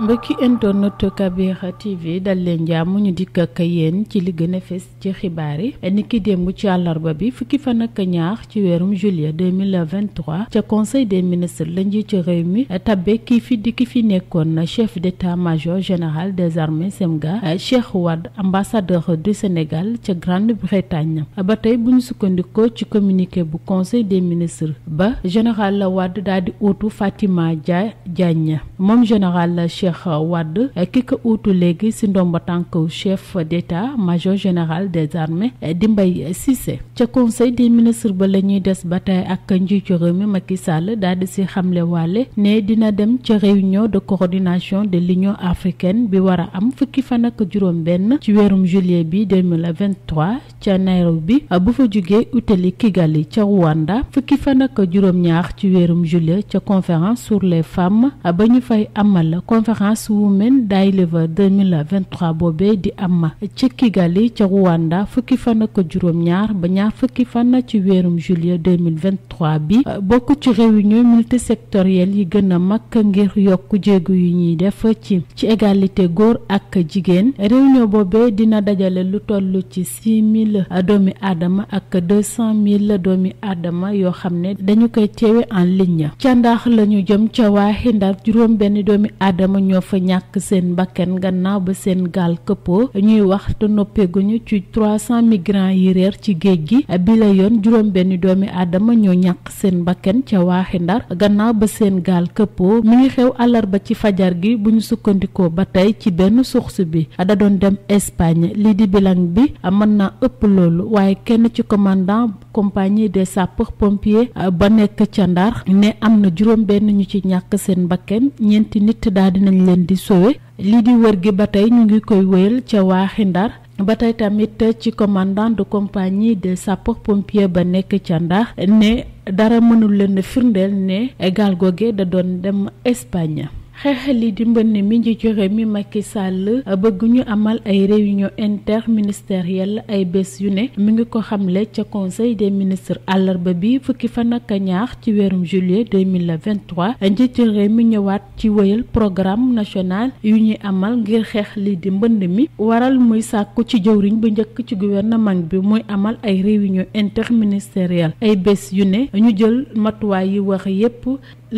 mbokki internet Kabir TV dal leen jàmm ñu dikk ak yéen ci li gën a ci xibaar yi ni ki démb ci àllarba bi fukki fan ak ñaax ci weerum juillet 2023 ca conseil des ministres la njiitu réew mi tabbe kii fi di ki fi nekkoon na chef d'état-major général des armées CEMGA Cheikh Wade ambassadeur du Sénégal ca Grande-Bretagne ba tey bu ñu sukkandikoo ci communiqué bu conseil des ministre ba général Wade daal di uutu Fatima Dia Diagne moom général Cheikh Cheikh Wade eh, ki ko uutu léegi si ndomba tànk chef d'état major général des armées eh, di Mbaye Cissé ca conseil des ministres ba la ñuy des ba tey ak njiitu réew mi Macky Sall daal di si xamle waale ne dina dem ca réunion de coordination de l'union africaine bi war a am fukki fan ak juróom benn ci weerum juillet bi 2023 ca Nairobi eh, bu fa jugee utali Kigali ca Rwanda fukki fan ak juróom ñaar ci weerum juillet ca conférence sur les femmes ba ñu fay amal conférence conférence Women Deliver 2023 boobee di am ca Kigali ca Rwanda fukki fan ak juróom-ñaar ba ñaar fukki fan ci weerum juillet 2023 bi bokk ci réunion multisectorielle yi gën a mag ngir yokk jéegu yu ñuy def ci ci égalité góor ak jigéen réunion boobee dina dajale lu toll ci 6000 doomi aadama ak 200000 doomi aadama yoo xam ne dañu koy teewe en ligne ca ndax jëm ca waa Xindar juróom benn doomi aadama ñoo fa ñàkk seen bakkan gannaaw ba seen gaal këppoo ñuy wax te noppeeguñu ci 300 migrants yi réer ci géej gi bi la yoon juróom benn doomi aadama ñoo ñàkk seen bakkan ca waaxi ndar gannaaw ba seen gaal këppoo mi ngi xew àllarba ci fajar gi bu ñu sukkandikoo ba tey ci benn source bi dadoon dem Espagne li di bilan bi mën naa ëpp loolu waaye kenn ci commandant compagnie de sapeurs pompiers ba nekk ca ndar ne am na juróom benn ñu ci ñàkk seen bakkan ñeenti nit daal lañ leen di sowe lii di wër gi ba tey ñu ngi koy wéyal ca waaxi Ndar ba tey tamit ci commandant de compagnie de sapeur pompier ba nekk ca Ndar ne dara mënul leen firndeel ne gaal googe da doon dem Espagne xeexal li di mbënn mi njiitu mi Macky Sall bëgg ñu amal ay réunion interministérielle ay bés yu ne mi ngi ko xamle ca conseil des ministres àllarba bi fukki fan ak ñaax ci weerum juillet 2023 njiitu réew mi ñëwaat ci wëyal programme national yu ñuy amal ngir xeex li di mbënn mi waral muy sàkku ci jëwriñ bi njëkk ci gouvernement bi muy amal ay réunion interministérielle ay bés yu ne ñu jël matuwaay yi wax yépp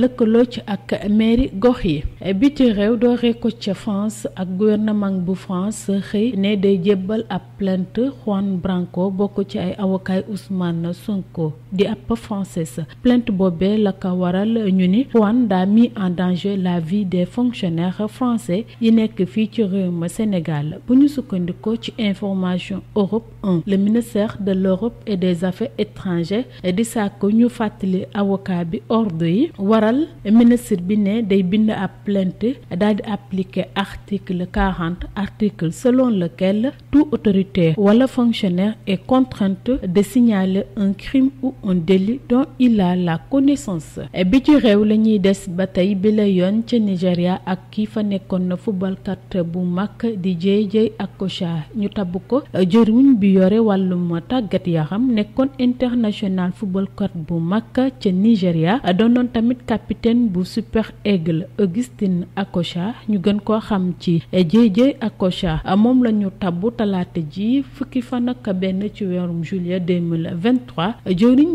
lëkkaloo ci ak mairie gox yi biti réew dooree ko ca France ak gouvernement bu France xëy ne day jébbal ab plainte Juan Branco bokk ci ay avocat Ousmane Sonko di ab française plainte boobee la waral ñu ni Juan daa mis en danger la vie des fonctionnaires français yi nekk fii ci réew ma Sénégal bu ñu sukkandikoo ci information Europe 1 le ministère de l'Europe et des affaires étrangères di sàkk ñu fàttali avocat bi ordre yi waral ministre bi ne day bind ab plainte daal di appliquer article quarante article selon lequel tout autorité wala fonctionnaire et contrainte de signaler un crime ou un délit dont il la connaissance bi ci réew la ñuy des ba tey bi la yoon ca Nigéria ak kii fa nekkoon na footballkat bu mag di Jay ak Akocha ñu tab ko jëriñ bi yore wàllum tàggat yaram nekkoon international footballkat bu mag ca Nigéria doonoon tamit capitaine bu Super Aigle Augustine Akocha ñu gën koo xam ci Dieye Akocha moom la ñu tabbu talaata ji fukki fan ak benn ci weerum juillet deux mille vingt trois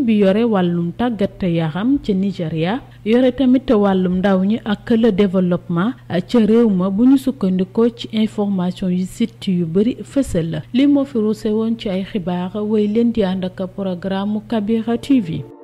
bi yore wàllum tàggat yaram ca Nigéria yore tamit wàllum ndaw ñi ak le développement ca réew ma bu ñu sukkandikoo ci information yi site yu bëri fësal la limo fi ruuse woon ci ay xibaar woy leen di ànd ak programme Kabira TV.